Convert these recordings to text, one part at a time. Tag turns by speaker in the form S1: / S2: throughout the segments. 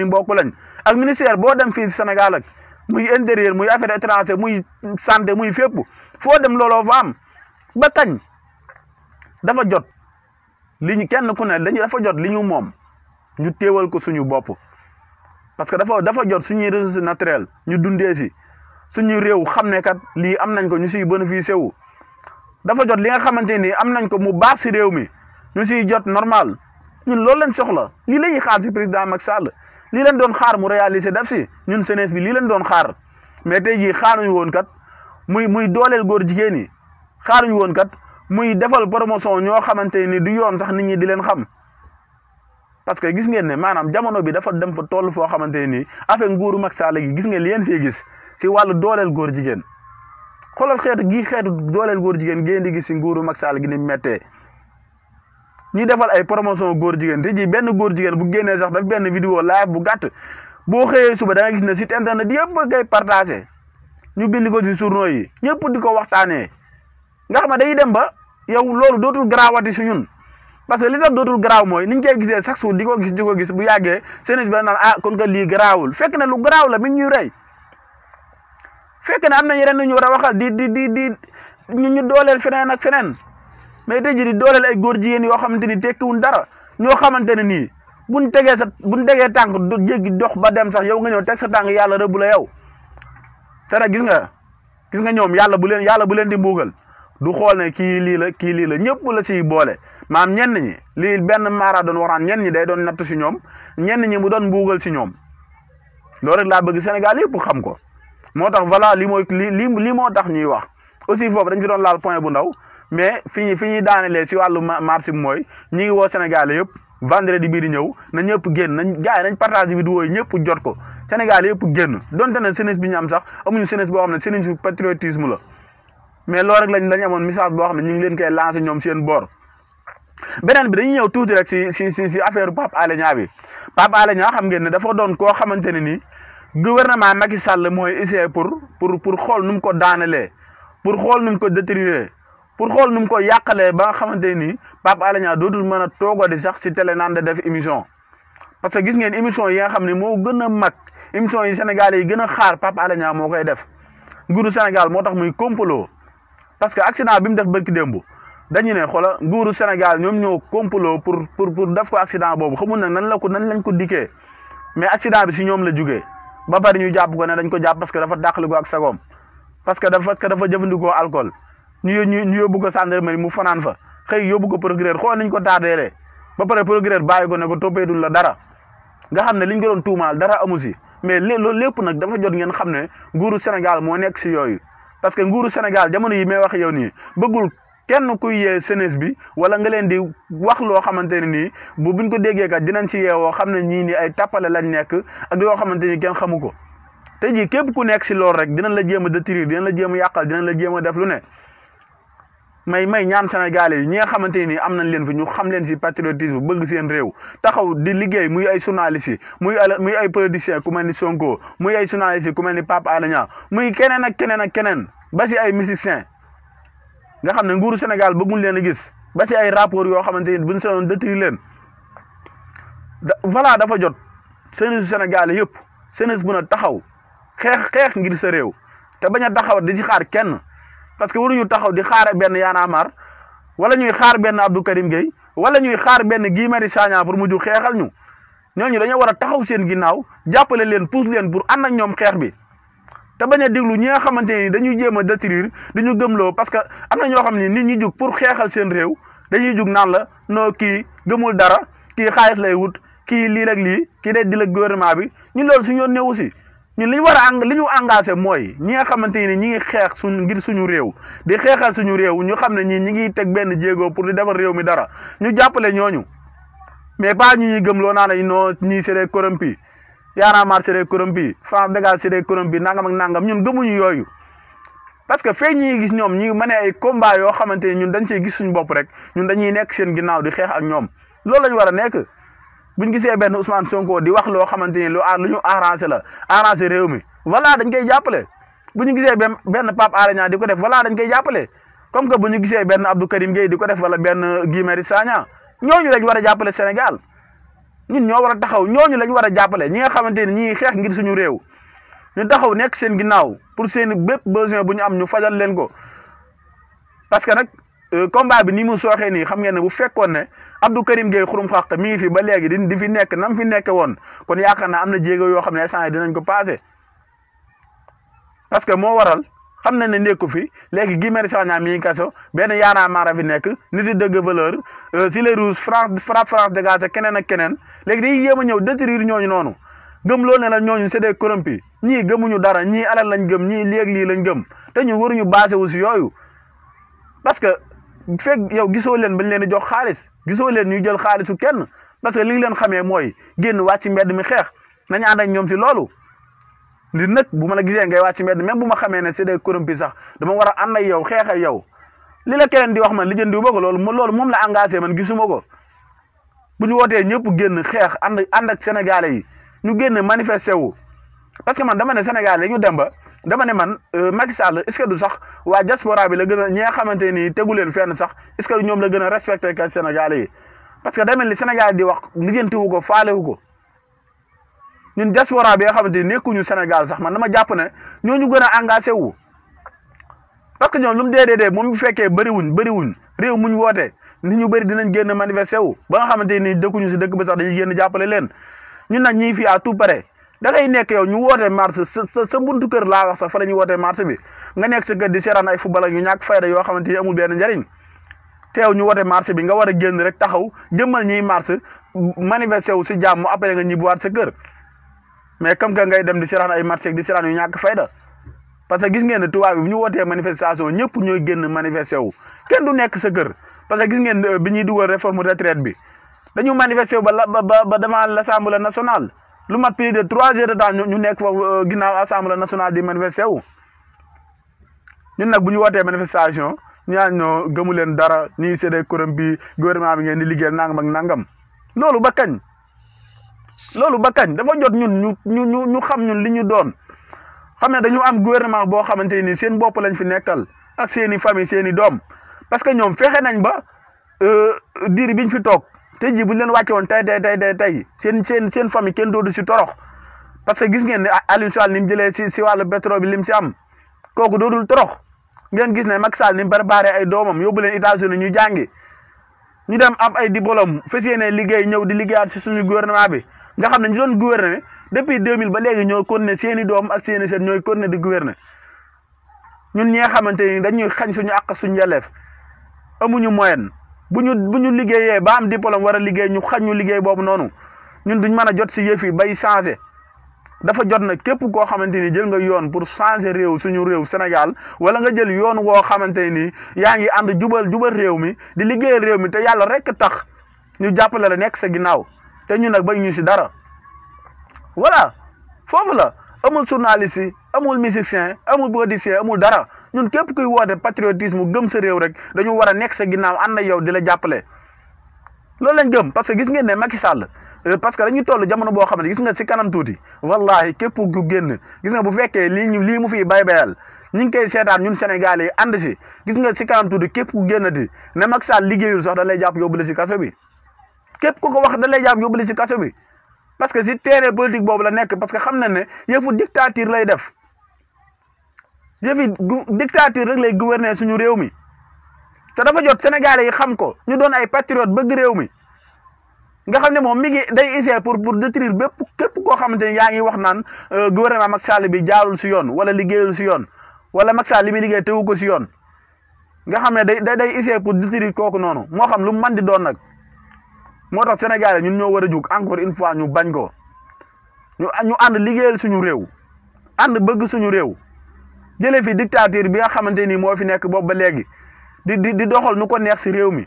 S1: ni mbokk lañ ak ministère boo dem fii Sénégal ak muy intérieur muy affaire étrangère muy santé muy fépp foo dem looloo fa am ba kañ dafa jot li ñu kenn ku ne dañu dafa jot li ñu moom ñu téewal ko suñu bopp parce que dafa dafa jot suñuy ressources naturelles ñu dundee si suñu réew xam ne kat lii am nañ ko ñu si bénéficié wu dafa jot li nga xamante ni am nañ ko mu baax si réew mi ñu si jot normal ñun loolu lañ soxla lii la ñuy si président Macky Sall lii leen doon xaar mu réaliser daf si ñun jeunesse bi lii leen doon xaar mais tey jii xaaruñu woon kat muy muy dooleel góor jigéen ñi xaaruñu woon kat muy defal promotion ñoo xamante ni du yoon sax nit ñi di leen xam parce que gis ngeen ne maanaam jamono bi dafa dem fa toll foo xamante ni affaire nguuru Macky Sall gi gis ngeen li yéen fii gis si wàllu dooleel góor jigéen xoolal xeetu gi xeetu dooleel góor jigéen ngeen di gis si nguuru mag Sall gi ni mettee ñuy defal ay promotion góor jigéen te ji benn góor jigéen bu génnee sax daf benn vidéo live bu gàtt boo xëyee suba na nga gis ne di internet yëpp ngay partagé ñu bind ko ci journaux yi ñëpp di ko waxtaanee nga xam ne day dem ba yow loolu dootul garaawati su ñun parce que li tax dootul garaaw mooy ni ñu koy gisee chaque jour di ko gis di ko gis bu yàggee seen bi naan ah kon que lii garaawul fekk na lu garaaw la mi ñu rey fekk na am na ñu yeneen ñu war a waxal di di di di ñu dooleel feneen ak feneen. mais tey jii di dooleel ay góor jigéen yoo xamante ni tekkiwuñ dara ñoo xamante ne nii buñ tegee sa buñ tegee tànk jéggi dox ba dem sax yow nga ñëw teg sa tànk yàlla rëbb la yow te nag gis nga gis nga ñoom yàlla bu leen yàlla bu leen di mbuugal du xool ne kii lii la kii lii la ñëpp la siy boole maam ñenn ñi lii benn maaraa doon waraan ñenn ñi day doon nattu si ñoom ñenn ñi mu doon mbuugal si ñoom loo rek laa bëgg Sénégal yëpp xam ko moo tax voilà li mooy li lii moo tax ñuy wax aussi foofu dañ fi doon laal point bu ndaw mais fi ñu fi ñuy daanelee si wàllu marché bi mooy ñu ngi woo Sénégal yëpp vendredi bii di ñëw na ñëpp génn nañ gars yi nañ partage vidéo yi ñëpp jot ko Sénégal yëpp génn donte ne jeunesse bi ñu am sax amuñu jeunesse boo xam ne jeunesse patriotisme la mais loolu rek lañ lañ amoon message boo xam ne ñu ngi leen koy lancé ñoom seen boor beneen bi dañu ñëw tuuti rek si si si si affaire Pape Alé Niang bi Pape xam ngeen ne dafa doon koo xamante ne nii gouvernement Macky Sall mooy essayé pour pour pour xool nu mu ko daanelee pour xool nu mu ko détruire pour xool nu mu ko yàqalee ba nga xamante ni Pape Alé Niang dootul mën a toogo di sax si télé naan da def émission parce que gis ngeen émission yi nga xam ne moo gën a mag émission yi Sénégal yi gën a xaar Pape Alé moo koy def nguuru Sénégal moo tax muy complot parce que accident bi mu def bërki démb dañu ne xoola nguuru Sénégal ñoom ñoo complot pour pour pour def ko accident boobu xamul nag nan la ko nan lañ ko dikkee mais accident bi si ñoom la jugee ba pare ñu jàpp ko ne dañ ko jàpp parce que dafa dàqali ko ak sagoom parce que dafa dafa jëfandikoo alcool ñu ñu yóbbu ko gendarmerie mu fanaan fa xëy yóbbu ko procureur xool niñ ko taateelee ba pare procureur bàyyi ko ne ko toppeedul la dara nga xam ne liñ ko doon tuumaal dara amu si mais loolu lépp nag dafa jot ngeen xam ne nguuru Sénégal moo nekk si yooyu parce que nguuru Sénégal jamono yi may wax yow nii bëggul kenn kuy yee sénès bi wala nga leen di wax loo xamante ne nii bu buñ ko déggee kat dinañ si yeewoo xam ne ñii nii ay tappale lañ nekk ak yoo xamante ni kenn xamu ko te ji képp ku nekk si loolu rek dinañ la jéem a détruire dinañ la jéem a yàqal dinañ la jéem a def lu ne may may ñaan sénégalais yi ñi nga xamante ni am nañ leen fi ñu xam leen si patriotisme bëgg seen réew taxaw di liggéey muy ay journalistes yi muy muy ay politiciens ku mel ni Sonko muy ay journalistes yi ku mel ni Pape Alé Niang muy keneen ak keneen ak keneen ba si ay musiciens nga xam ne nguuru Sénégal bëgguñ leen a gis ba si ay rapport yoo xamante ni buñ sonoon détruire leen voilà dafa jot jeunesse sénégalais yëpp jeunesse bu ne taxaw xeex xeex ngir sa réew te bañ a taxaw di ci xaar kenn parce que ñu taxaw di xaare benn Y'en a marre wala ñuy xaar benn Abdou Karim Gueye wala ñuy xaar benn Guy Marius Sagna pour mujj xeexal ñu ñooñu dañoo war a taxaw seen ginnaaw jàppale leen pousse leen pour ànd ak ñoom xeex bi te bañ a déglu ñi nga xamante ni dañuy jéem a détruire di ñu parce que am na ñoo xam ne nit ñi jug pour xeexal seen réew dañuy jug naan la noo kii gëmul dara kii xaalis lay wut kii lii rek lii kii day la ak gouvernement bi ñu loolu suñu yoon ne ñu li ñu war a li ñu engagé mooy ñi nga xamante ni ñi ngi xeex suñ ngir suñu réew di xeexal suñu réew ñu xam ne ñii ñu ngi teg benn jéego pour di defar réew mi dara ñu jàppale ñooñu mais pas ñu ñuy gëm loo naa ne non ñii c'est des corrompus Y'en a marre c'est des corrompus France dégage c'est des corrompus nangam ak nangam ñun gëmuñu yooyu parce que feeñ ñu gis ñoom ñi mën ay combat yoo xamante ni ñun dañ see gis suñu bopp rek ñun dañuy nekk seen ginnaaw di xeex ak ñoom loolu lañu war a nekk buñ gisee benn Ousmane Sonko di wax loo xamante ni lu lu ñu arrangé la arrangé réew mi voilà dañ koy jàppale bu ñu gisee benn benn Pape Alé di ko def voilà dañ koy jàppale comme que bu ñu gisee benn Abdou Karim Gueye di ko def wala benn Guy Marius Sagna ñooñu lañ war a jàppale Sénégal ñun ñoo war a taxaw ñooñu lañ war a jàppale ñi nga xamante ni ñii xeex ngir suñu réew ñu taxaw nekk seen ginnaaw pour seen bépp besoin bu ñu am ñu fajal leen ko parce nag Euh, combat bi nii mu sooxee nii xam ngeen ne bu fekkoon ne Abdou Karim Gueye xurum xaq mi ngi fi ba léegi di fi nekk nam fi nekk woon kon yaakaar na am na jéego yoo xam ne instant yi dinañ ko passé parce que moo waral xam na ne nekku fi léegi Guy Marius Sagna mi ngi kaso benn yaanaa maara fi nekk ni yi dëgg valeur euh, si les rouges France frappe France dégagé keneen ak keneen léegi dañuy yéem a ñëw détruire ñooñu noonu gëm loolu ne la ñooñu c'est des corrompus ñii gëmuñu dara ñii alal lañ gëm ñii léeg lii lañ gëm te ñu waruñu basé wu si yooyu fekk yow gisoo leen bañ leen di jox xaalis gisoo leen ñuy jël xaalisu kenn parce que li leen xamee mooy génn wàcc ci mbedd mi xeex nañu ànd ak ñoom si loolu li nag bu ma la gisee ngay wàcc ci mbedd même bu ma xamee ne c'est des corrompus sax dama war a ànd ak yow xeex ak yow li la keneen di wax man li jëndi wu ma ko loolu loolu moom la engagé man gisuma ko bu ñu wootee ñëpp génn xeex ànd ànd ak sénégalais yi ñu génn manifesté wu parce que man dama ne sénégalais ñu dem dama ne man euh, Macky Sall est du sax waa diaspora bi la gën a ñi nga xamante ni tegu leen fenn sax est-ce que ñoom la gën a respecté que Sénégalais yi parce que demel li Sénégal di wax lijjanti wu ko faale wu ko ñun diaspora bi nga xamante ni nekkuñu Sénégal sax man dama jàpp ne ñu gën a engagé wu. parce que ñoom lu mu dee dee dee moom bu fekkee bëriwuñ bëriwuñ réew muñ woote nit ñu bëri dinañ génn manifester wu ba nga xamante ni dëkkuñu si dëkk ba sax dañuy génn jàppale leen ñun nag ñii fi à tout près dangay nekk yow ñu woote marché sa buntu kër laa wax sax fa la ñuy wootee marché bi nga nekk sa kër di seeraan ay football ak ñu ñàkk fayda yoo xamante ni amul benn njariñ teew ñu woote marché bi nga war a génn rek taxaw jëmmal ñiy marché manifesté wu si jàmm après nga waat sa kër mais comme que ngay dem di seeraan ay marché di seeraan yu ñàkk fayda parce que gis ngeen ne tubaab bi bu ñu wootee manifestation ñëpp ñooy génn manifesté kenn du nekk sa kër parce que gis ngeen euh, bi ñuy dugal réforme retraite bi dañu manifesté wu ba ba ba devant l'Assemblée nationale lu mat plus de trois heures de temps ñu nekk foofu euh, ginnaaw assemblée nationale di manifester wu ñun nag bu ñu wootee manifestation ñaan ñoo gëmu leen dara ñuy séddee kuréel bi gouvernement bi ngeen di liggéeyal nangam ak nangam loolu ba loolu bakañ kañ dafa jot ñun ñu ñu ñu xam ñun li ñu doon xam ne dañu am gouvernement boo xamante ni seen bopp lañ fi nekkal ak seen famille seeni doom parce que ñoom fexe nañ ba euh, diir biñ fi toog. te jii bu ñu leen woon tey tey tey tey seen seen seen famille kenn doodu si torox parce que gis ngeen ne Aliou Sall ni mu jëlee si si wàllu pétrole bi lim si am kooku doodul torox ngeen gis ne Macky Sall ni mu barbaare ay doomam yóbbu leen États-Unis ñu jàngi ñu dem am ay diplôme fas yéene liggéey ñëw di liggéeyaat si suñu gouvernement bi nga xam ne ñu doon gouverner depuis mille ba léegi ñoo continuer seen i doom ak seen i sët ñooy continuer di gouverner ñun ñi nga xamante ni dañuy xañ suñu àq suñu yelleef amuñu moyen bu ñu bu ñu liggéeyee baam am diplôme war a liggéey ñu xañ ñu liggéey boobu noonu ñun duñ mën a jot si yëf yi bay changé dafa jot na képp koo xamante ni jël nga yoon pour changé réew suñu réew Sénégal wala nga jël yoon woo xamante ni yaa ngi ànd jubal jubal réew mi di liggéeyal réew mi te yàlla rek tax ñu jàppale la nekk sa ginnaaw te ñu nag ba ñu si dara voilà foofu la amul journaliste amul musicien amul politicien amul dara. ñun képp kuy woote patriotisme gëm sa réew rek dañu war a nekk se ginnaaw ànd ak yow di la jàppale loolu lañ gëm parce que gis ngeen ne Macky Sall euh, parce que dañuy toll jamono boo xam ne gis nga si kanam tuuti wallahi képp ku génn gis nga bu fekkee lii ñu lii mu fi bay bayal ñu ngi koy seetaan ñun Sénégal yi ànd si gis nga si kanam tuuti képp ku génn di ne Macky Sall liggéeyul sax da lay jàpp yóbbu la si kaso bi képp ku ko wax da lay jàpp yóbbu la si kaso bi parce que si terrain politique boobu la nekk parce que xam na ne yëfu dictature lay def yëfi dictature rek lay gouverner suñu réew mi te dafa jot sénégalais yi xam ko ñu doon ay patriote bëgg réew mi nga xam ne moom mi ngi day essayer pour pour détruire bépp képp koo xamante yaa ngi wax naan euh, gouvernement Macky Sall bi jaarul si yoon wala liggéeyul si yoon wala Macky Sall li liggéey tewu ko si yoon nga xam ne day day essayer pour détruire kooku noonu moo xam lu mu mën di doon nag moo tax sénégalais ñun ñoo war a jug encore une fois ñu bañ ko ñu ñu ànd liggéeyal suñu réew ànd bëgg suñu réew. jëlee fi dictature bi nga xamante ni moo fi nekk boobu ba léegi di di di doxal nu ko neex si réew mi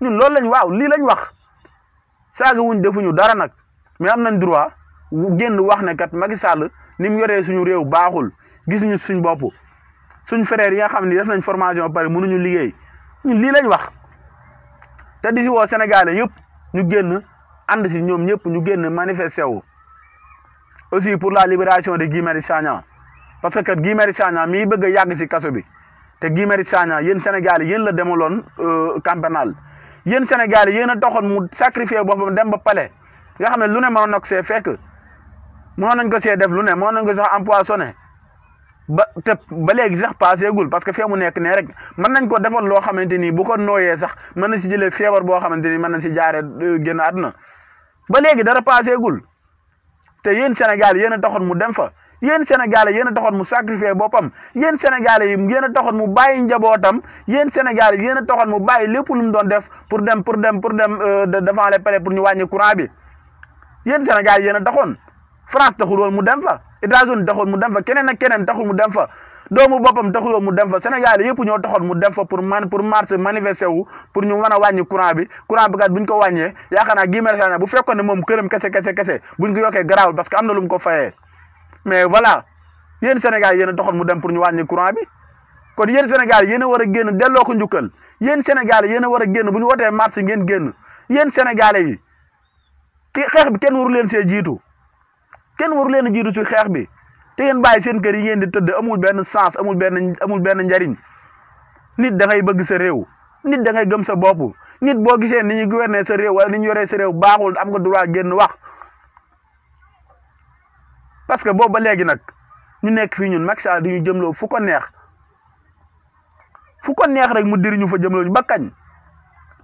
S1: ñun loolu lañ waaw lii lañ wax saaga wuñ defuñu dara nag mais am nañ droit génn wax ne kat Macky Sall ni mu yoree suñu réew baaxul gisuñu suñ bopp suñ frère yi nga xam ne def nañ formation ba pare mënuñu liggéey ñu lii lañ wax te di si woo Sénégalais yëpp ñu génn ànd si ñoom ñëpp ñu génn manifesté wu aussi pour la libération de Guy Marius Sagna parce que Guy Marius Sagna mii bëgg a yàgg ci kaso bi te Guy Marius Sagna yéen Sénégal yéen la demaloon euh, camp yéen Sénégal yéen a taxoon mu sacrifier boppam dem ba palais nga xam ne lu ne ma na see fekk mënoon nañ ko see def lu ne mënoon nañ ko sax empoisonné ba te ba léegi sax paaseegul parce que fee mu nekk ne rek mën nañ ko defoon loo xamante ni bu ko nooyee sax mën na si jëlee feebar boo xamante ni mën na si jaaree euh, génn àdduna ba léegi dara gul te yéen Sénégal yéen a taxoon mu dem fa. yéen sénégalais yéen a taxoon mu sacrifier boppam yéen sénégalais yi yéen a mu bàyyi njabootam yéen sénégalais yéen a taxoon mu bàyyi lépp doon def pour dem pour dem pour dem euh, devant les palais pour ñu wàññi courant bi yéen sénégalais yéen a taxoon France taxul woon mu dem fa États-Unis taxul mu dem fa ak keneen taxul mu dem fa doomu boppam taxul woon mu dem fa Sénégal yëpp ñoo taxoon mu dem fa pour man pour wu pour ñu mën a wàññi courant bi courant bi kat bu ñu ko wàññee yaakaar naa Guy Marius Sagna bu fekkoon ne moom këram ñu ko fayee mais voilà yéen Sénégal yéen a doxoon mu dem pour ñu wàññi courant kon yéen Sénégal yéen a war a génn delloo ko njukkal yéen Sénégal yéen a war a génn bu ñu wootee marche ngeen génn yéen Sénégalais yi xeex bi kenn waru leen see jiitu kenn waru leen a jiitu si xeex bi te ngeen bàyyi seen kër yi ngeen di tëdd amul benn sens amul benn amul benn njariñ nit da ngay bëgg sa réew nit da ngay gëm sa bopp nit boo gisee ni ñu gouverner sa réew wala ni ñu yoree sa réew baaxul am nga droit génn wax parce que boobu ba léegi nag ñu nekk fii ñun Macky Sall dañu jëmloo fu ko neex fu ko neex rek mu diri ñu fa jëmloo ñu ba kañ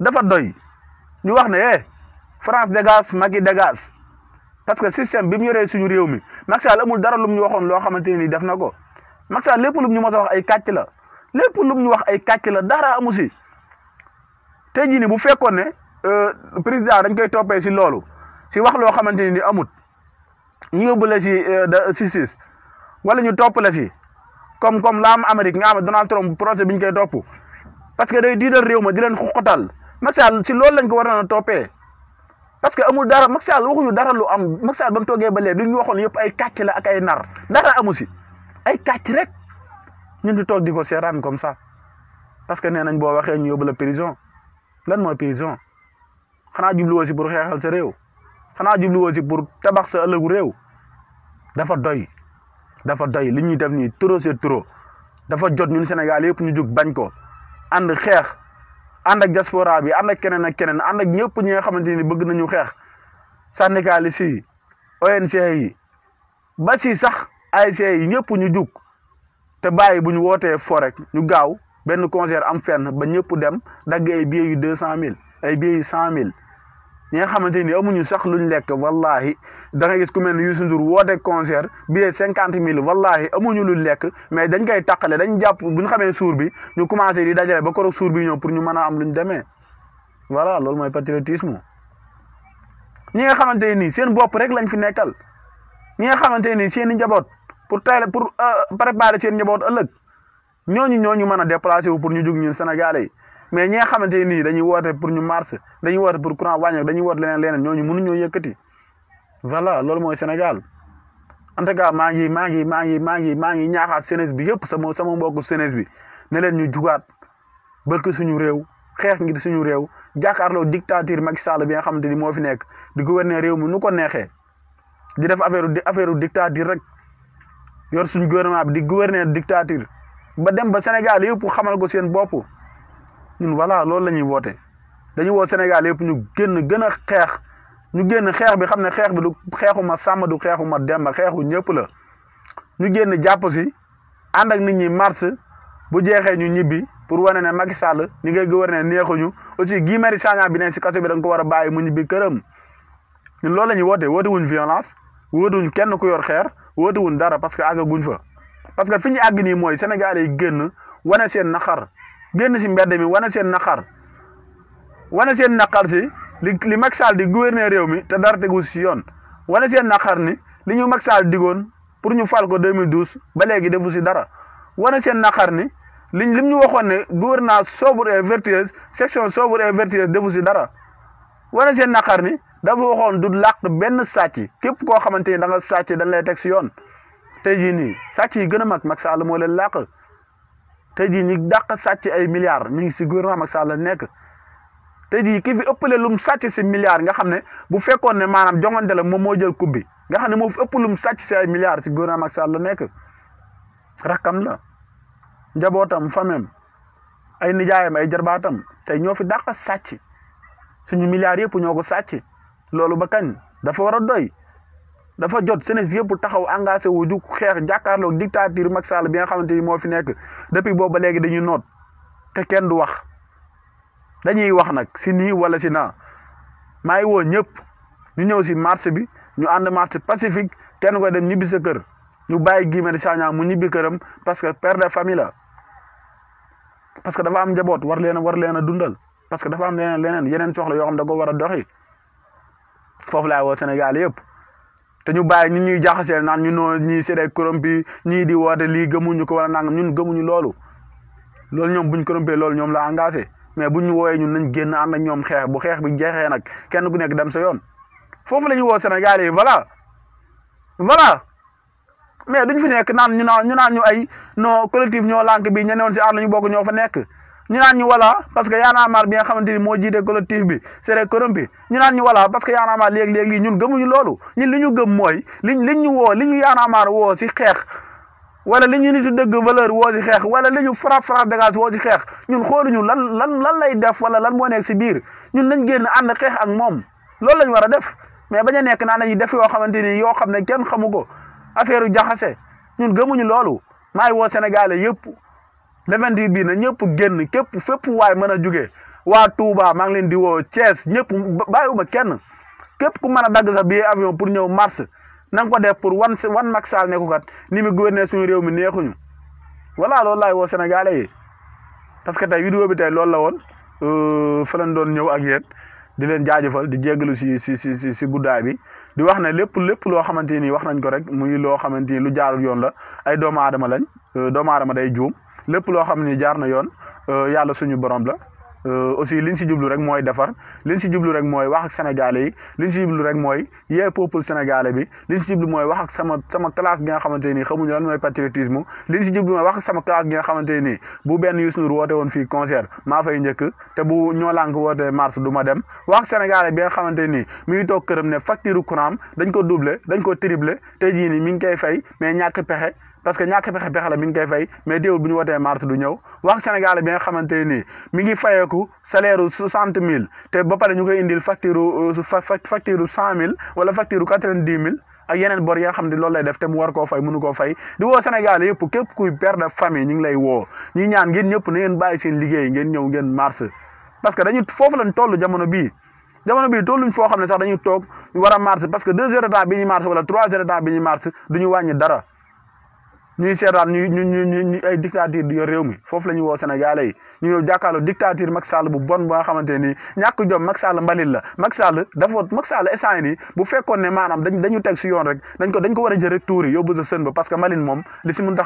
S1: dafa doy ñu wax ne eh France dégage Macky dégage parce que système bi mu yoree suñu réew mi Macky Sall amul dara lum ñu waxoon loo xamante ne nii def na ko Macky Sall lépp lum ñu mos a wax ay kàcc la lépp lum ñu wax ay kàcc la dara amu si tey jii nii bu fekkoon ne euh, président dañ koy toppee si loolu si wax loo xamante ne nii amut. ñu yóbbu la ci justice euh, wala ñu topp la si comme comme la am Amérique nga xam Donald Trump projet bi ñu koy topp parce que day diidal réew ma di leen xoxotal Macky Sall ci loolu lañ ko waroon a toppee parce que amul dara Macky Sall waxuñu dara lu am Macky Sall ba mu toogee ba léegi lu ñu waxoon yëpp ay kàcc la ak ay nar dara amu si ay kàcc rek ñun di toog di ko seetaan comme ça parce que nee nañ boo waxee ñu yóbbu la prison lan mooy prison xanaa jubluwoo si pour xeexal sa réew. xanaa jubluwoo si pour tabax sa ëllëgu réew dafa doy dafa doy li ñuy def nii trop c'est trop dafa jot ñun Sénégal yëpp ñu jug bañ ko ànd xeex ànd ak diaspora yi ànd ak keneen ak keneen ànd ak ñëpp ñi nga xamante ni bëgg nañu xeex syndicaliste yi ONC yi ba si sax ASC yi ñëpp ñu jug te bàyyi bu ñu wootee fo rek ñu gaaw benn concert am fenn ba ñëpp dem dagg ay billets yu deux cent mille ay billets yu cent mille ñi nga xamante ni amuñu sax luñ lekk wallahi da nga gis ku mel ni Youssou Ndour woote concert billet cinquante mille wallahi amuñu luñ lekk mais dañ koy taqale dañ jàpp buñ xamee suur bi ñu commencé di dajale ba koroog suur bi ñëw pour ñu mën a am luñ demee voilà loolu mooy patriotisme ñi nga xamante ni seen bopp rek lañ fi nekkal ñi nga xamante ni seen i njaboot pour tayla pour euh, préparer seen njaboot ëllëg ñoo ñu mën a déplacé wu pour ñu jug ñun Sénégalais yi mais ñi nga xamante nii dañuy woote pour ñu marche dañuy woote pour courant wàññeeku dañuy woote leneen leneen ñooñu mënuñoo yëkkati voilà loolu mooy Sénégal en tout cas maa ngi maa ngi maa ngi maa ngi maa ngi ñaaxaat jeunesse bi yëpp sama sama mbokku jeunesse bi ne leen ñu jugaat bëgg suñu réew xeex ngir suñu réew jàkkaarloo dictature mag Sall bi nga xamante ni moo fi nekk di gouverner réew mi nu ko neexee di def affaire affaire dictature rek yor suñu gouvernement bi di gouverner dictature ba dem ba Sénégal yëpp xamal ko seen bopp. ñun voilà loolu la ñuy woote dañu woo Sénégal yëpp ñu génn gën a xeex ñu génn xeex bi xam ne xeex bi du ma sàmm du xeexuma demba xeexu ñëpp la ñu génn jàpp si ànd ak nit ñi mars bu jeexee ñu ñibbi pour wane ne Macky Sall ni ngay gouverner neexuñu aussi Guy Marius Sagna bi ne si kaso bi da nga ko war a bàyyi mu ñibbi këram ñun loolu la ñuy woote woote wuñ violence woote wuñ kenn ku yor xeer woote wuñ dara parce que àggaguñ fa parce que fi ñu àgg nii mooy Sénégal yi génn wane seen naqar génn si mbedd mi wane seen naqar wane seen naqar si li li Macky Sall di gouverneur réew mi te dara tegu si yoon wane seen naqar ni li ñu Macky Sall digoon pour ñu fal ko 2012 ba léegi defu si dara wane seen naqar ni li lim ñu waxoon ne gouvernance sobre et vertueuse section sobre et vertueuse defu si dara wane seen naqar ni dafa waxoon du làq benn sàcc képp koo xamante ni da nga sàcc dañ lay teg si yoon te jii nii sàcc yi gën a mag Macky Sall moo leen làq te jii ñi dàq sàcc ay milliards ñu ngi si gouvernement Macky Sall nekk te jii ki fi ëppale lum sàcc si milliards nga xam ne bu fekkoon ne maanaam jongante la moom moo jël coupe bi nga xam ne moo fi ëpp lum sàcc si ay milliards si gouvernement Macky Sall nekk rakkam la njabootam famem ay nijaayam ay jarbaatam te ñoo fi dàq sàcc suñu milliards yëpp ñoo ko sàcc loolu ba kañ dafa war a doy dafa jot sénégalais bi yëpp taxaw engagé wu ju xeex jàkkaarloog dictature mag Sall bi nga xamante ni moo fi nekk depuis boobu ba léegi dañuy noot te kenn du wax dañuy wax nag si nii wala si naa maa ngi woo ñëpp ñu ñëw si marché bi ñu ànd marché pacifique kenn koy dem ñibbi sa kër ñu bàyyi Guy Marius Sagna mu ñibbi këram parce que père de famille parce que dafa am njaboot war leen war leen a dundal parce que dafa am leneen leneen yeneen soxla yoo xam da war a doxi foofu laay woo Sénégal yëpp. te ñu bàyyi ñun ñuy jaxaseel naan ñu noo ñii seede corrompu ñii di woote lii gëmuñu ko wala nangam ñun gamuñu loolu loolu ñoom buñ corrompé loolu ñoom la engagé mais ñu wooyee ñun nañ génn ànd ak ñoom xeex bu xeex bi jeexee nag kenn ku nekk dem sa yoon foofu la ñu woo Sénégal yi voilà voilà mais duñ fi nekk naan ñu naan ñu ay non collectif ñoo lank bi ñeneen woon si ànd la ñu bokk ñoo fa nekk ñu naan ñu voilà parce que Y'en bi nga xamante ni moo jiite collectif bi c'est corrompu ñu naan ñu voilà parce que Y'en a marre léeg ñun lii ñun loolu ñun li ñu gëm mooy liñ liñ ñu woo li ñu Y'en a marre woo si xeex wala li ñu nitu dëgg valeur woo si xeex wala li ñu frappe frappe dégage woo si xeex ñun xooluñu lan lan lan lay def wala lan moo nekk si biir ñun nañ génn ànd xeex ak moom loolu lañ war a def mais bañ a nekk naa nañu def yoo xamante ni yoo xam ne kenn xamu ko affaire jaxase ñun gëmuñu loolu maay woo Sénégalais yëpp le 28 bii na ñëpp génn képp fépp waay mën a jugee waa Touba maa ngi leen di woo Thiès ñëpp bàyyiwuma kenn képp ku mën a dagg sa billet avion pour ñëw marché nang ko def pour wan wan Macky Sall ne ko kat ni mu gouverner suñu réew mi neexuñu voilà loolu laay wo Sénégalais yi parce que tey vidéo bi tey loolu la woon euh, fa lañ doon ñëw ak yéen di leen jaajëfal di jéggalu si si si si guddaay bi di wax ne lépp lépp loo xamante ni wax nañ ko rek muy loo xamante ni lu jaarul yoon la ay doomu aadama lañ euh, doomu aadama day juum. lépp loo xam ni jaar na yoon euh, yàlla suñu borom la euh, aussi liñ si jublu rek mooy defar liñ si jublu rek mooy wax ak yi liñ si jublu rek mooy yee peuple sénégalais bi liñ jublu mooy wax ak sama sama classe gi nga xamante nii xamuñu lan mooy patriotisme liñ si jublu mooy wax sama classe gi nga xamante nii bu benn Youssou Ndour woote woon fii concert maa fay njëkk te bu ñoo lànk woote mars du ma dem wax ak sénégalais nga xamante nii mi ngi toog këram ne facture courant dañ ko duble dañ ko tripler tey jii nii mi ngi koy fay mais ñàkk pexe parce que ñàkk pexe pexe la mi ngi koy fay mais déewul bu ñu wootee mars du ñëw wax Sénégal bi te ba pare ñu koy indil facture euh, facture cent mill wala facture quatre-vingt-dix mille ak yeneen bor yi xam ne loolu lay def te mu war koo fay mënu koo fay di woo Sénégal yëpp képp kuy père famille ñu ngi lay woo ñi ñaan ngeen ñëpp na ngeen bàyyi seen liggéey ngeen ñëw ngeen mars parce que toll jamono bii jamono bii tolluñ foo xam ne sax dañu toog war a mars parce que deux heures de temps bi ñuy mars wala trois heures de temps mars du ñu wàññi dara ñuy seetaan ñu ñu ñu ñu dictature di yor réew mi foofu la ñu woo Sénégalais yi ñu ñëw jàkkaarloo dictature Macky Sall bu bon ba nga xamante nii jom Macky Sall mbalit la Macky Sall dafa Macky Sall instant bu fekkoon ne maanaam dañ dañu teg si yoon rek dañ ko dañ ko war a jël rek tuuri yóbbu sa sën ba parce que mbalit moom li si moom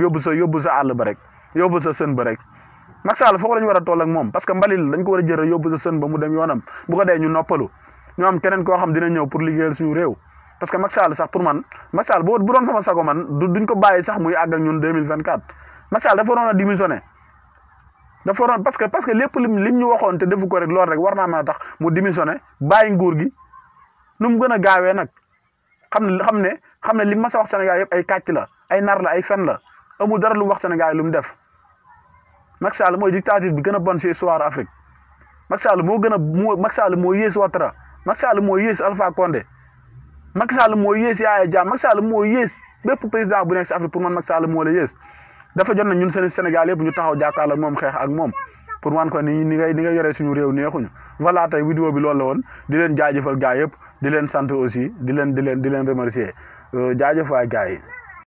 S1: yóbbu sa yóbbu sa àll ba rek ñu war a moom parce que mbalit ko war a jël rek yóbbu sa sën ba mu dem yoonam bu ko dee ñu noppalu ñu am keneen koo xam dina ñëw pour liggéeyal suñu réew parce que Macky Sall sax pour man Macky Sall boo bu doon sama duñ ko bàyyi sax muy àgg ak ñun deux mille vingt quatre Macky dafa waroon a démissionné dafa waroon parce que parce que lépp lim lim ñu waxoon te defu ko rek loolu war naa mën a tax mu démissionné bàyyi nguur gi nu mu gën a gaawee nag xam ne xam ne xam ne li ma sa wax Sénégal yëpp ay kàcc la ay nar la ay fen la amul dara lu wax Sénégal lu mu def Macky Sall mooy dictature bi gën a bon ci histoire Afrique Macky moo gën a moo Macky Sall moo moo yées Alpha Macky Sall moo yées Yaya Dia Macky Sall moo yées bépp président bu nekk si Afrique pour man Macky Sall moo la yées dafa jot na ñun seen Sénégal yëpp ñu taxaw jàkkaarloo ak moom xeex ak moom pour man ko ni ni nga ni ngay yoree suñu réew neexuñu voilà tey vidéo bi loolu la woon di leen jaajëfal gaa yëpp di leen sant aussi di leen di leen di leen remercier euh, jaajëf waay gaa yi